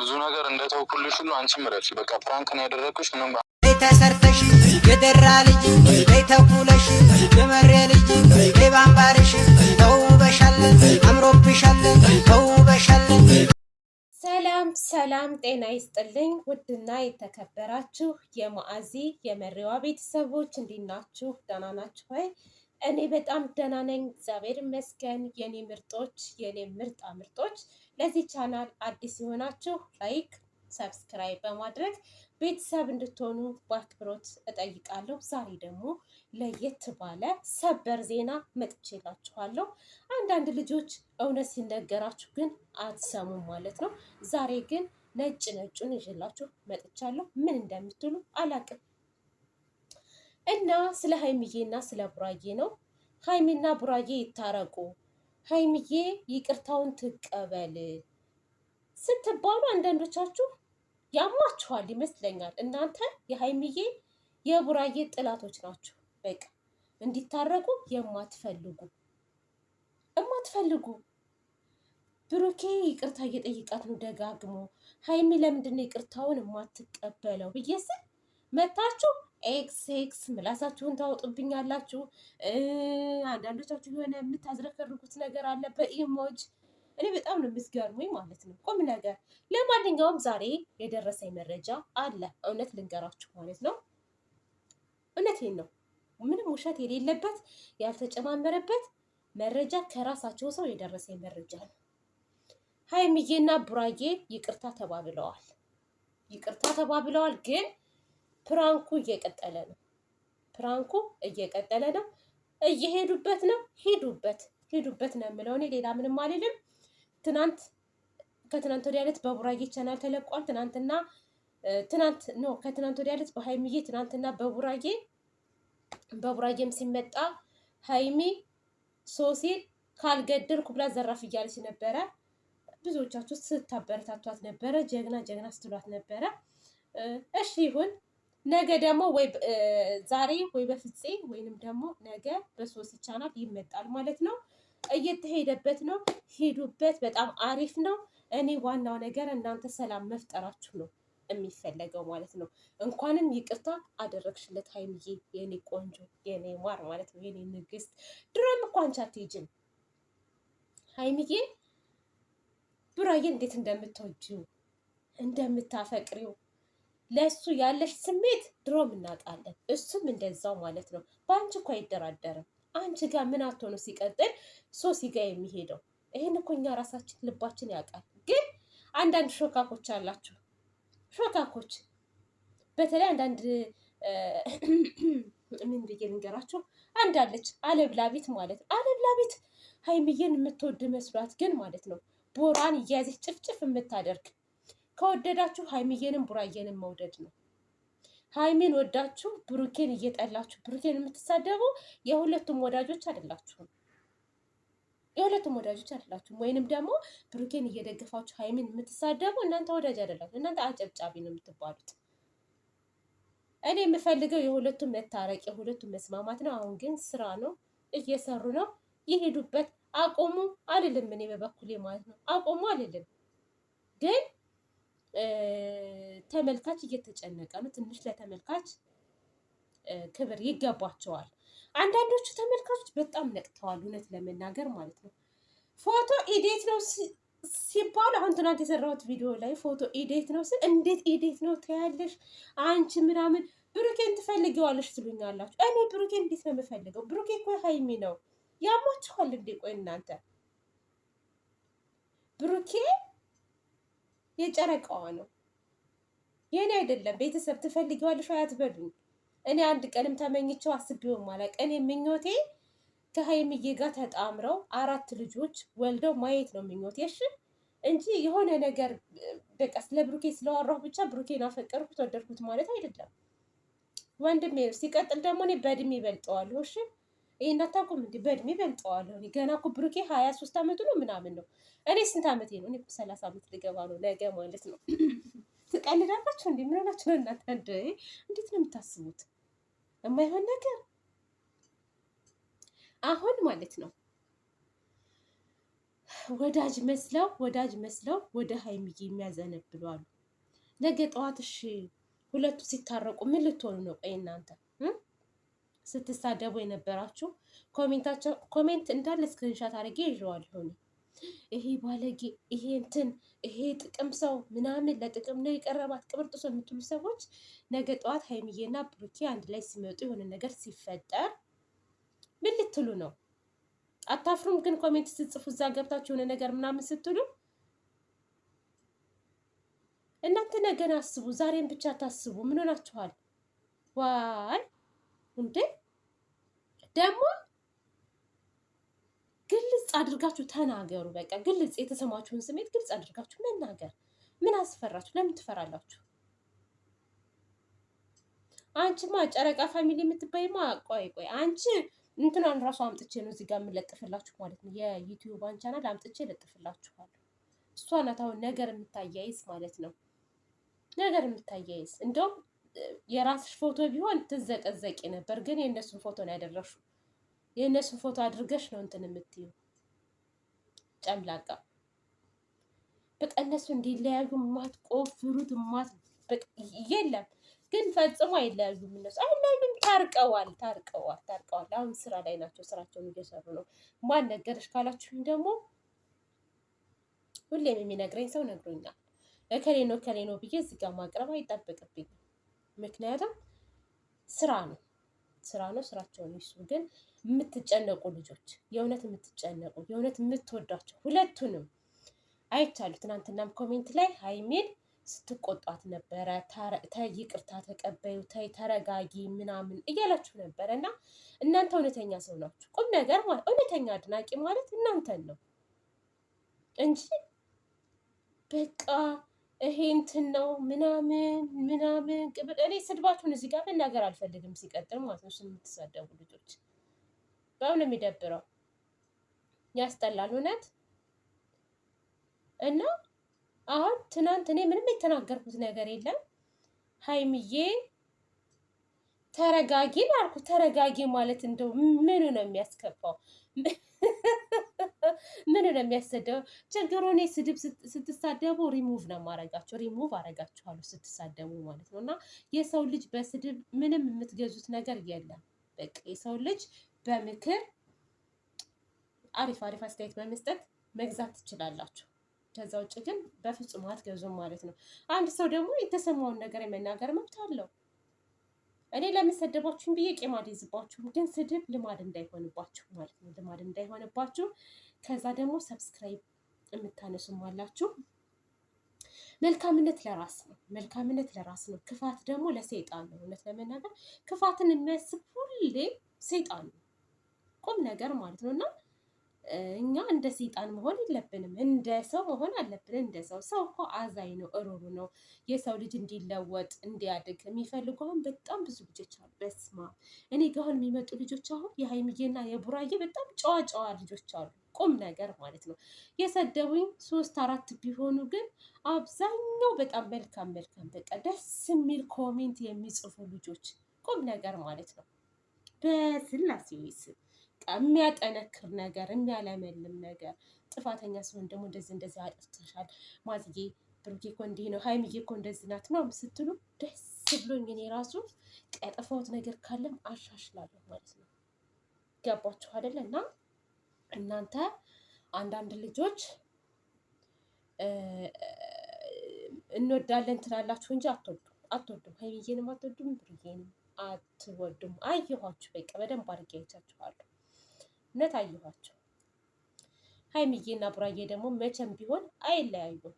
ብዙ ነገር እንደተውኩልሽ ሁሉ አንቺ እረፊ። በቃ ፕራንክ ነው ያደረግኩሽ። ምንም ተሰርተሽ የደራ ልጅ ተኩለሽ የመሬ ልጅ ባምባርሽ ተውበሻል፣ አምሮብሻለን፣ ተውበሻል። ሰላም ሰላም፣ ጤና ይስጥልኝ ውድና የተከበራችሁ የማአዚ የመሪዋ ቤተሰቦች እንዴት ናችሁ? ደህና ናችሁ ወይ? እኔ በጣም ደህና ነኝ፣ እግዚአብሔር ይመስገን። የኔ ምርጦች፣ የኔ ምርጣ ምርጦች ለዚህ ቻናል አዲስ የሆናችሁ ላይክ፣ ሰብስክራይብ በማድረግ ቤተሰብ እንድትሆኑ በአክብሮት እጠይቃለሁ። ዛሬ ደግሞ ለየት ባለ ሰበር ዜና መጥቼላችኋለሁ። አንዳንድ ልጆች እውነት ሲነገራችሁ ግን አትሰሙም ማለት ነው። ዛሬ ግን ነጭ ነጩን ይዤላችሁ መጥቻለሁ። ምን እንደምትሉ አላቅም እና ስለ ሀይሚዬና ስለ ቡራዬ ነው። ሀይሚና ቡራዬ ይታረቁ ሀይሚዬ ይቅርታውን ትቀበል ስትባሉ አንዳንዶቻችሁ ያማችኋል ይመስለኛል። እናንተ የሀይሚዬ የቡራዬ ጥላቶች ናችሁ። በቃ እንዲታረቁ የማትፈልጉ የማትፈልጉ ብሩኬ ይቅርታ እየጠይቃት ነው ደጋግሞ። ሀይሚ ለምንድነው ይቅርታውን የማትቀበለው ብዬ ስል መታችሁ ኤክስ ኤክስ ምላሳችሁን ታወጡብኛላችሁ። አንዳንዶቻችሁ የሆነ የምታዝረከርኩት ነገር አለ በኢሞጅ እኔ በጣም ነው የምትገርሙኝ ማለት ነው፣ ቁም ነገር። ለማንኛውም ዛሬ የደረሰኝ መረጃ አለ፣ እውነት ልንገራችሁ ማለት ነው። እውነቴን ነው፣ ምንም ውሸት የሌለበት ያልተጨማመረበት መረጃ ከራሳቸው ሰው የደረሰኝ መረጃ ነው። ሀይሚዬና ቡራዬ ይቅርታ ተባብለዋል። ይቅርታ ተባብለዋል ግን ፕራንኩ እየቀጠለ ነው። ፕራንኩ እየቀጠለ ነው። እየሄዱበት ነው። ሄዱበት ሄዱበት ነው የምለው እኔ ሌላ ምንም አልልም። ትናንት ከትናንት ወዲያ ዕለት በቡራጌ ቻናል ተለቋል። ትናንትና ትናንት ኖ ከትናንት ወዲያ ዕለት በሀይሚዬ ትናንትና በቡራጌ በቡራጌም ሲመጣ ሀይሚ ሶሲን ካልገደልኩ ብላ ዘራፍ እያለች ነበረ። ብዙዎቻችሁ ስታበረታቷት ነበረ፣ ጀግና ጀግና ስትሏት ነበረ። እሺ ይሁን ነገ ደግሞ ወይ ዛሬ ወይ በፍፄ ወይንም ደግሞ ነገ በሶስት ቻናል ይመጣል ማለት ነው። እየተሄደበት ነው። ሄዱበት። በጣም አሪፍ ነው። እኔ ዋናው ነገር እናንተ ሰላም መፍጠራችሁ ነው የሚፈለገው ማለት ነው። እንኳንም ይቅርታ አደረግሽለት ሀይሚዬ፣ የኔ ቆንጆ፣ የኔ ማር ማለት ነው፣ የኔ ንግስት። ድሮም እኮ አንቺ አትሄጂም ሀይሚዬ፣ ብሩዬ እንዴት እንደምትወጂው እንደምታፈቅሪው ለእሱ ያለሽ ስሜት ድሮም እናውቃለን። እሱም እንደዛው ማለት ነው። በአንቺ እኮ አይደራደርም። አንቺ ጋር ምን ነው ሲቀጥል ሶሲ ጋር የሚሄደው ይህን እኮ እኛ ራሳችን ልባችን ያውቃል። ግን አንዳንድ ሾካኮች አላችሁ። ሾካኮች በተለይ አንዳንድ ምን ብዬ ልንገራችሁ፣ አንዳለች አለብላቢት ማለት ነው። አለብላ ሀይሚዬን የምትወድ መስሏት ግን ማለት ነው ቦራን እያያዘች ጭፍጭፍ የምታደርግ ከወደዳችሁ ሀይሚዬንም ቡራዬንም መውደድ ነው። ሀይሚን ወዳችሁ ብሩኬን እየጠላችሁ ብሩኬን የምትሳደቡ የሁለቱም ወዳጆች አይደላችሁም። የሁለቱም ወዳጆች አይደላችሁም። ወይንም ደግሞ ብሩኬን እየደገፋችሁ ሀይሚን የምትሳደቡ እናንተ ወዳጅ አይደላችሁ፣ እናንተ አጨብጫቢ ነው የምትባሉት። እኔ የምፈልገው የሁለቱም መታረቅ፣ የሁለቱም መስማማት ነው። አሁን ግን ስራ ነው፣ እየሰሩ ነው፣ ይሄዱበት። አቆሙ አልልም እኔ በበኩሌ ማለት ነው። አቆሙ አልልም ግን ተመልካች እየተጨነቀ ነው። ትንሽ ለተመልካች ክብር ይገባቸዋል። አንዳንዶቹ ተመልካቾች በጣም ነቅተዋል፣ እውነት ለመናገር ማለት ነው። ፎቶ ኢዴት ነው ሲባል አሁን ትናንት የሰራሁት ቪዲዮ ላይ ፎቶ ኢዴት ነው ስል እንዴት ኢዴት ነው ትያለሽ አንቺ ምናምን ብሩኬን ትፈልጊዋለሽ ትሉኛላችሁ። እኔ ብሩኬን እንዴት ነው የምፈልገው? ብሩኬ እኮ ሀይሚ ነው። ያሟችኋል እንዴ? ቆይ እናንተ ብሩኬ የጨረቃዋ ነው የእኔ አይደለም። ቤተሰብ ትፈልጊዋለሽ አያትበሉኝ። እኔ አንድ ቀንም ተመኝቸው አስቤውም አላውቅም። እኔ ምኞቴ ከሀይምዬ ጋር ተጣምረው አራት ልጆች ወልደው ማየት ነው ምኞቴ። እሺ እንጂ የሆነ ነገር በቃ ስለ ብሩኬ ስለዋራሁ ብቻ ብሩኬን አፈቀርኩት ወደድኩት ማለት አይደለም ወንድሜ። ሲቀጥል ደግሞ እኔ በእድሜ ይበልጠዋለሁ። እሺ ይሄ እንዳታውቁም እንዲ በእድሜ በልጠዋለሁ። ገና እኮ ብሩኬ ሀያ ሶስት ዓመቱ ነው ምናምን ነው። እኔ ስንት አመቴ ነው? እኔ ሰላሳ ዓመት ልገባ ነው ነገ ማለት ነው። ትቀልዳላችሁ እንዲ ምን ሆናችሁ ነው እናንተ? እንዴት ነው የምታስቡት? የማይሆን ነገር አሁን ማለት ነው ወዳጅ መስለው ወዳጅ መስለው ወደ ሀይሚዬ የሚያዘነብሉ አሉ። ነገ ጠዋት እሺ ሁለቱ ሲታረቁ ምን ልትሆኑ ነው? ቆይ እናንተ ስትሳደቡ የነበራችሁ ኮሜንታቸው ኮሜንት እንዳለ ስክሪንሻት አድርጌ ይዤዋለሁ። ይሄ ባለጌ፣ ይሄ እንትን፣ ይሄ ጥቅም ሰው ምናምን ለጥቅም ነው የቀረባት ቅብርጥሶ የምትሉ ሰዎች ነገ ጠዋት ሀይሚዬና ብሩኬ አንድ ላይ ሲመጡ የሆነ ነገር ሲፈጠር ምን ልትሉ ነው? አታፍሩም? ግን ኮሜንት ስትጽፉ እዛ ገብታችሁ የሆነ ነገር ምናምን ስትሉ እናንተ ነገን አስቡ። ዛሬን ብቻ ታስቡ። ምን ሆናችኋል? ዋይ እንዴ! ደግሞ ግልጽ አድርጋችሁ ተናገሩ። በቃ ግልጽ የተሰማችሁን ስሜት ግልጽ አድርጋችሁ መናገር። ምን አስፈራችሁ? ለምን ትፈራላችሁ? አንቺማ ጨረቃ ፋሚሊ የምትባይማ ቆይ ቆይ አንቺ እንትናን ራሱ አምጥቼ ነው እዚህ ጋር የምለጥፍላችሁ ማለት ነው። የዩቲዩባን ቻናል አምጥቼ ለጥፍላችኋል። እሷ ናት አሁን ነገር የምታያይዝ ማለት ነው። ነገር የምታያይዝ እንደውም የራስሽ ፎቶ ቢሆን ትዘቀዘቂ ነበር፣ ግን የእነሱን ፎቶ ነው ያደረግሽው። የእነሱን ፎቶ አድርገሽ ነው እንትን የምትዩ ጨምላቃ። በቃ እነሱ እንዲለያዩ የማትቆፍሩት ማት የለም፣ ግን ፈጽሞ አይለያዩም። እነሱ አይለያዩም። ታርቀዋል፣ ታርቀዋል፣ ታርቀዋል። አሁን ስራ ላይ ናቸው፣ ስራቸውን እየሰሩ ነው። ማን ነገረሽ ካላችሁኝ ደግሞ ሁሌም የሚነግረኝ ሰው ነግሮኛል። እከሌ ነው እከሌ ነው ብዬ እዚህ ጋር ማቅረብ አይጠበቅብኝም። ምክንያቱም ስራ ነው ስራ ነው ስራቸውን ይሱ። ግን የምትጨነቁ ልጆች የእውነት የምትጨነቁ የእውነት የምትወዷቸው ሁለቱንም አይቻሉ። ትናንትናም ኮሜንት ላይ ሀይሚን ስትቆጧት ነበረ። ተይ ይቅርታ ተቀበዩ፣ ተይ ተረጋጊ ምናምን እያላችሁ ነበረ እና እናንተ እውነተኛ ሰው ናችሁ። ቁም ነገር ማለት እውነተኛ አድናቂ ማለት እናንተን ነው እንጂ በቃ ይሄ እንትን ነው ምናምን ምናምን ቅብጥ። እኔ ስድባችሁን እዚህ ጋር መናገር አልፈልግም። ሲቀጥል ማለት ነው የምትሳደቡ ልጆች በጣም ነው የሚደብረው፣ ያስጠላል እውነት። እና አሁን ትናንት እኔ ምንም የተናገርኩት ነገር የለም። ሀይምዬ ተረጋጊ አልኩ። ተረጋጊ ማለት እንደው ምኑ ነው የሚያስከፋው? ምን ነው የሚያሰደበው? ችግሩ እኔ ስድብ ስትሳደቡ ሪሙቭ ነው ማረጋቸው፣ ሪሙቭ አረጋችኋሉ ስትሳደቡ ማለት ነው። እና የሰው ልጅ በስድብ ምንም የምትገዙት ነገር የለም። በቃ የሰው ልጅ በምክር አሪፍ አሪፍ አስተያየት በመስጠት መግዛት ትችላላችሁ። ከዛ ውጭ ግን በፍጹም አትገዙም ማለት ነው። አንድ ሰው ደግሞ የተሰማውን ነገር የመናገር መብት አለው። እኔ ለምሰደባችሁም ብዬ ቂም አልይዝባችሁም፣ ግን ስድብ ልማድ እንዳይሆንባችሁ ማለት ነው። ልማድ እንዳይሆንባችሁ ከዛ ደግሞ ሰብስክራይብ የምታነሱም አላችሁ። መልካምነት ለራስ ነው። መልካምነት ለራስ ነው። ክፋት ደግሞ ለሰይጣን ነው። እውነት ለመናገር ክፋትን የሚያስብ ሁሌ ሰይጣን ነው። ቁም ነገር ማለት ነው እና እኛ እንደ ሰይጣን መሆን የለብንም። እንደ ሰው መሆን አለብን። እንደ ሰው ሰው እኮ አዛኝ ነው፣ እሮሩ ነው። የሰው ልጅ እንዲለወጥ እንዲያድግ የሚፈልጉ አሁን በጣም ብዙ ልጆች አሉ። በስማ እኔ ጋር አሁን የሚመጡ ልጆች አሁን የሀይምዬና የቡራዬ በጣም ጨዋ ጨዋ ልጆች አሉ። ቁም ነገር ማለት ነው። የሰደቡኝ ሶስት አራት ቢሆኑ ግን አብዛኛው በጣም መልካም መልካም በቃ ደስ የሚል ኮሜንት የሚጽፉ ልጆች ቁም ነገር ማለት ነው። በስላሴ ወይስ የሚያጠነክር ነገር የሚያለመልም ነገር ጥፋተኛ ሲሆን ደግሞ እንደዚህ እንደዚህ አጥፍተሻል ማዝጌ ብሩኬ እኮ እንዲህ ነው ሀይሚዬ እኮ እንደዚህ ናት ነው ስትሉ ደስ ብሎኝ እኔ ራሱ ያጠፋሁት ነገር ካለም አሻሽላለሁ ማለት ነው። ገባችሁ አይደለ እና እናንተ አንዳንድ ልጆች እንወዳለን ትላላችሁ እንጂ አትወዱም። አትወዱም ሀይሚዬንም አትወዱም ብሩዬንም አትወዱም። አየኋችሁ፣ በቃ በደንብ አድርጌ አይቻችኋለሁ። እውነት አየኋችሁ። ሀይሚዬና ቡራዬ ደግሞ መቼም ቢሆን አይለያዩም።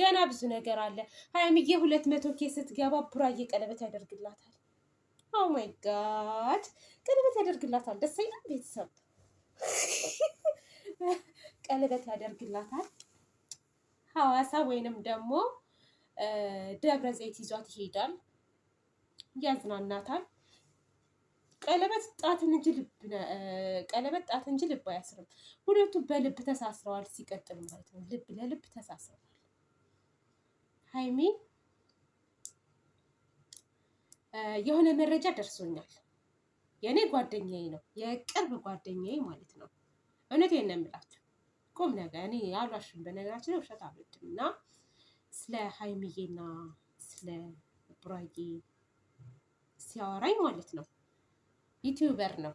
ገና ብዙ ነገር አለ። ሀይሚዬ ሁለት መቶ ኬ ስትገባ ቡራዬ ቀለበት ያደርግላታል። ኦ ማይ ጋድ ቀለበት ያደርግላታል። ደስ ይላል ቤተሰብ ቀለበት ያደርግላታል። ሐዋሳ ወይንም ደግሞ ደብረ ዘይት ይዟት ይሄዳል፣ ያዝናናታል። ቀለበት ጣት እንጂ ልብ ቀለበት ጣት እንጂ ልብ አያስርም። ሁለቱ በልብ ተሳስረዋል። ሲቀጥል ማለት ነው ልብ ለልብ ተሳስረዋል። ሀይሚ የሆነ መረጃ ደርሶኛል። የእኔ ጓደኛዬ ነው፣ የቅርብ ጓደኛዬ ማለት ነው። እውነቴን ነው የምላችሁ ቁም ነገር እኔ አሏሽን። በነገራችን ውሸት አልወድም እና ስለ ሀይሚዬና ስለ ቡራጌ ሲያወራኝ ማለት ነው ዩቲዩበር ነው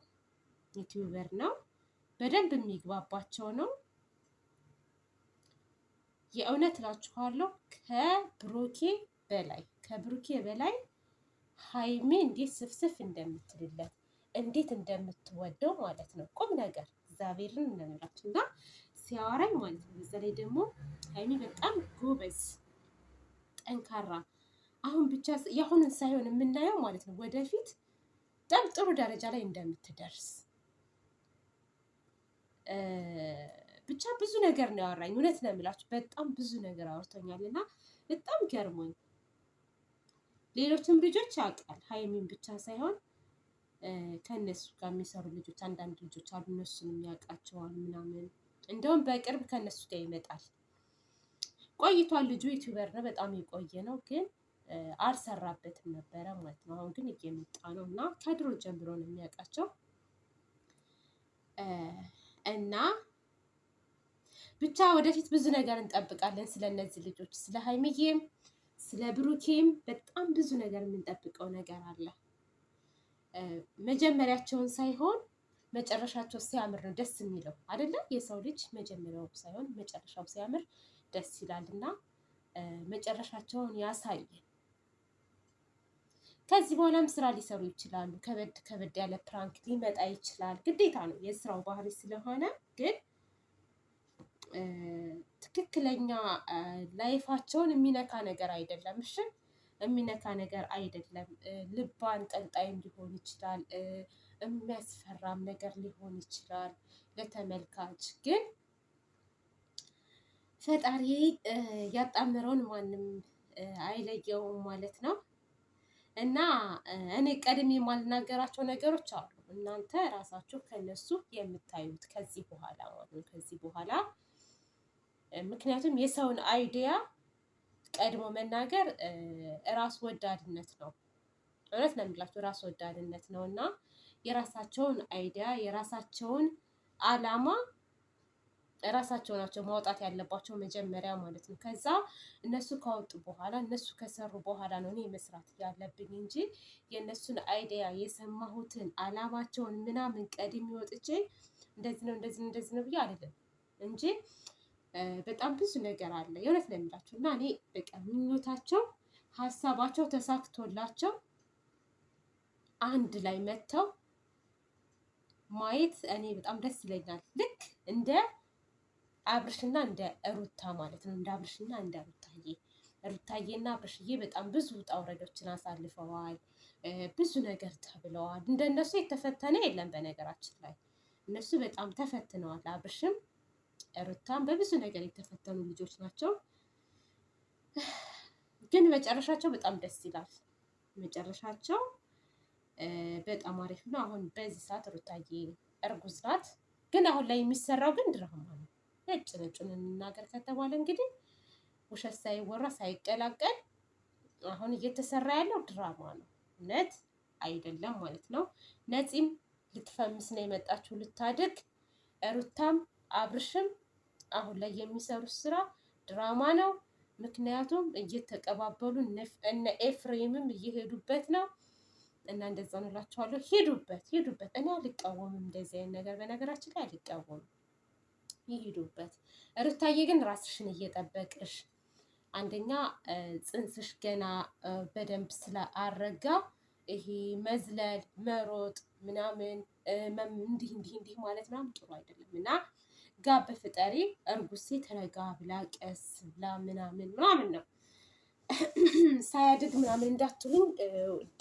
ዩቲዩበር ነው በደንብ የሚግባባቸው ነው። የእውነት እላችኋለሁ ከብሩኬ በላይ ከብሩኬ በላይ ሀይሜ እንዴት ስፍስፍ እንደምትልለት እንዴት እንደምትወደው ማለት ነው። ቁም ነገር እግዚአብሔርን እንደምላችሁ እና ሲያወራኝ ማለት ነው። በዛ ላይ ደግሞ ሀይሚ በጣም ጎበዝ፣ ጠንካራ አሁን ብቻ የአሁንን ሳይሆን የምናየው ማለት ነው ወደፊት በጣም ጥሩ ደረጃ ላይ እንደምትደርስ ብቻ ብዙ ነገር ነው ያወራኝ። እውነት ነው የምላችሁ በጣም ብዙ ነገር አውርቶኛል እና በጣም ገርሞኝ ሌሎችም ልጆች ያውቃል ሀይሚን ብቻ ሳይሆን ከእነሱ ጋር የሚሰሩ ልጆች አንዳንድ ልጆች አሉ፣ እነሱንም ያውቃቸዋል ምናምን። እንደውም በቅርብ ከእነሱ ጋር ይመጣል። ቆይቷል ልጁ ዩቲዩበር ነው፣ በጣም የቆየ ነው፣ ግን አልሰራበትም ነበረ ማለት ነው። አሁን ግን እየመጣ ነው እና ከድሮ ጀምሮ ነው የሚያውቃቸው እና ብቻ ወደፊት ብዙ ነገር እንጠብቃለን እነዚህ ልጆች፣ ስለ ሀይሚዬም ስለ ብሩኬም በጣም ብዙ ነገር የምንጠብቀው ነገር አለ። መጀመሪያቸውን ሳይሆን መጨረሻቸው ሲያምር ነው ደስ የሚለው አይደለም። የሰው ልጅ መጀመሪያው ሳይሆን መጨረሻው ሲያምር ደስ ይላል እና መጨረሻቸውን ያሳየን። ከዚህ በኋላም ስራ ሊሰሩ ይችላሉ። ከበድ ከበድ ያለ ፕራንክ ሊመጣ ይችላል። ግዴታ ነው የስራው ባህሪ ስለሆነ ግን ትክክለኛ ላይፋቸውን የሚነካ ነገር አይደለም። እሺ የሚነካ ነገር አይደለም። ልብ አንጠልጣይም ሊሆን ይችላል፣ የሚያስፈራም ነገር ሊሆን ይችላል ለተመልካች ግን ፈጣሪ ያጣምረውን ማንም አይለየውም ማለት ነው። እና እኔ ቀድሜ የማልናገራቸው ነገሮች አሉ። እናንተ ራሳችሁ ከነሱ የምታዩት ከዚህ በኋላ ከዚህ በኋላ ምክንያቱም የሰውን አይዲያ ቀድሞ መናገር ራስ ወዳድነት ነው። እውነት ነው የሚላቸው ራስ ወዳድነት ነው እና የራሳቸውን አይዲያ የራሳቸውን አላማ ራሳቸው ናቸው ማውጣት ያለባቸው መጀመሪያ ማለት ነው። ከዛ እነሱ ካወጡ በኋላ እነሱ ከሰሩ በኋላ ነው እኔ መስራት ያለብኝ እንጂ የእነሱን አይዲያ የሰማሁትን አላማቸውን ምናምን ቀድሜ ወጥቼ እንደዚህ ነው እንደዚህ ነው እንደዚህ ነው ብዬ አይደለም እንጂ በጣም ብዙ ነገር አለ። የእውነት ነው የምላችሁ እና እኔ በቃ ምኞታቸው ሀሳባቸው ተሳክቶላቸው አንድ ላይ መጥተው ማየት እኔ በጣም ደስ ይለኛል። ልክ እንደ አብርሽና እንደ ሩታ ማለት ነው። እንደ አብርሽና እንደ ሩታዬ ሩታዬና አብርሽዬ በጣም ብዙ ውጣ ውረዶችን አሳልፈዋል። ብዙ ነገር ተብለዋል። እንደነሱ የተፈተነ የለም። በነገራችን ላይ እነሱ በጣም ተፈትነዋል። አብርሽም ሩታም በብዙ ነገር የተፈተኑ ልጆች ናቸው። ግን መጨረሻቸው በጣም ደስ ይላል። መጨረሻቸው በጣም አሪፍ ነው። አሁን በዚህ ሰዓት ሩታዬ እርጉዝ ናት። ግን አሁን ላይ የሚሰራው ግን ድራማ ነው። ነጭ ነጩን እንናገር ከተባለ እንግዲህ ውሸት ሳይወራ ሳይቀላቀል አሁን እየተሰራ ያለው ድራማ ነው፣ እውነት አይደለም ማለት ነው። ነፂም ልትፈምስ ነው የመጣችው ልታድግ ሩታም አብርሽም አሁን ላይ የሚሰሩት ስራ ድራማ ነው። ምክንያቱም እየተቀባበሉ እነ ኤፍሬምም እየሄዱበት ነው እና እንደዛ ነው ሄዱበት ሂዱበት፣ እኔ አልቃወምም እንደዚህ አይነት ነገር በነገራችን ላይ አልቃወምም። ይሄዱበት። ሩታዬ ግን ራስሽን እየጠበቅሽ አንደኛ ጽንስሽ ገና በደንብ ስለአረጋ ይሄ መዝለል መሮጥ ምናምን እንዲህ እንዲህ እንዲህ ማለት ምናምን ጥሩ አይደለም እና ጋር በፍጠሪ እርጉሴ ተረጋ ብላ ቀስ ብላ ምናምን ምናምን ነው ሳያድግ ምናምን እንዳትሉኝ።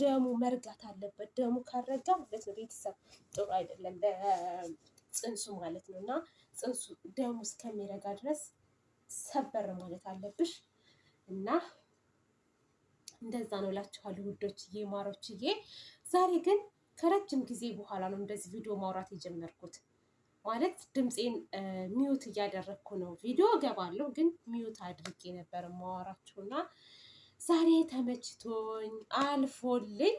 ደሙ መርጋት አለበት። ደሙ ካረጋ ማለት ነው ቤተሰብ ጥሩ አይደለም ለፅንሱ ማለት ነው። እና ፅንሱ ደሙ እስከሚረጋ ድረስ ሰበር ማለት አለብሽ እና እንደዛ ነው እላችኋለሁ ውዶችዬ ማሮችዬ። ዛሬ ግን ከረጅም ጊዜ በኋላ ነው እንደዚህ ቪዲዮ ማውራት የጀመርኩት። ማለት ድምፄን ሚዩት እያደረግኩ ነው። ቪዲዮ እገባለሁ ግን ሚዩት አድርጌ ነበር ማወራችሁና ዛሬ ተመችቶኝ አልፎልኝ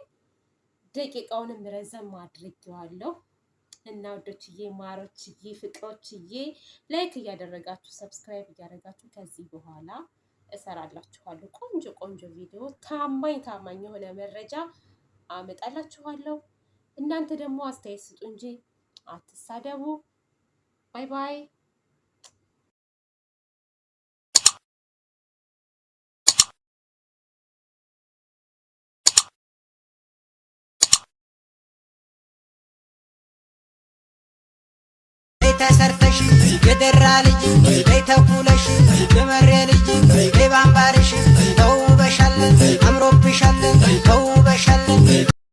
ደቂቃውንም ረዘም አድርጌዋለሁ። እና ወዶችዬ፣ ማሮችዬ፣ ፍቅሮችዬ ላይክ እያደረጋችሁ ሰብስክራይብ እያደረጋችሁ ከዚህ በኋላ እሰራላችኋለሁ ቆንጆ ቆንጆ ቪዲዮ ታማኝ ታማኝ የሆነ መረጃ አመጣላችኋለሁ። እናንተ ደግሞ አስተያየት ስጡ እንጂ አትሳደቡ። ባይ ባይ። ተሰርተሽ የደራ ልጅ ተኩለሽ የመሬ ልጅ ባምባሬ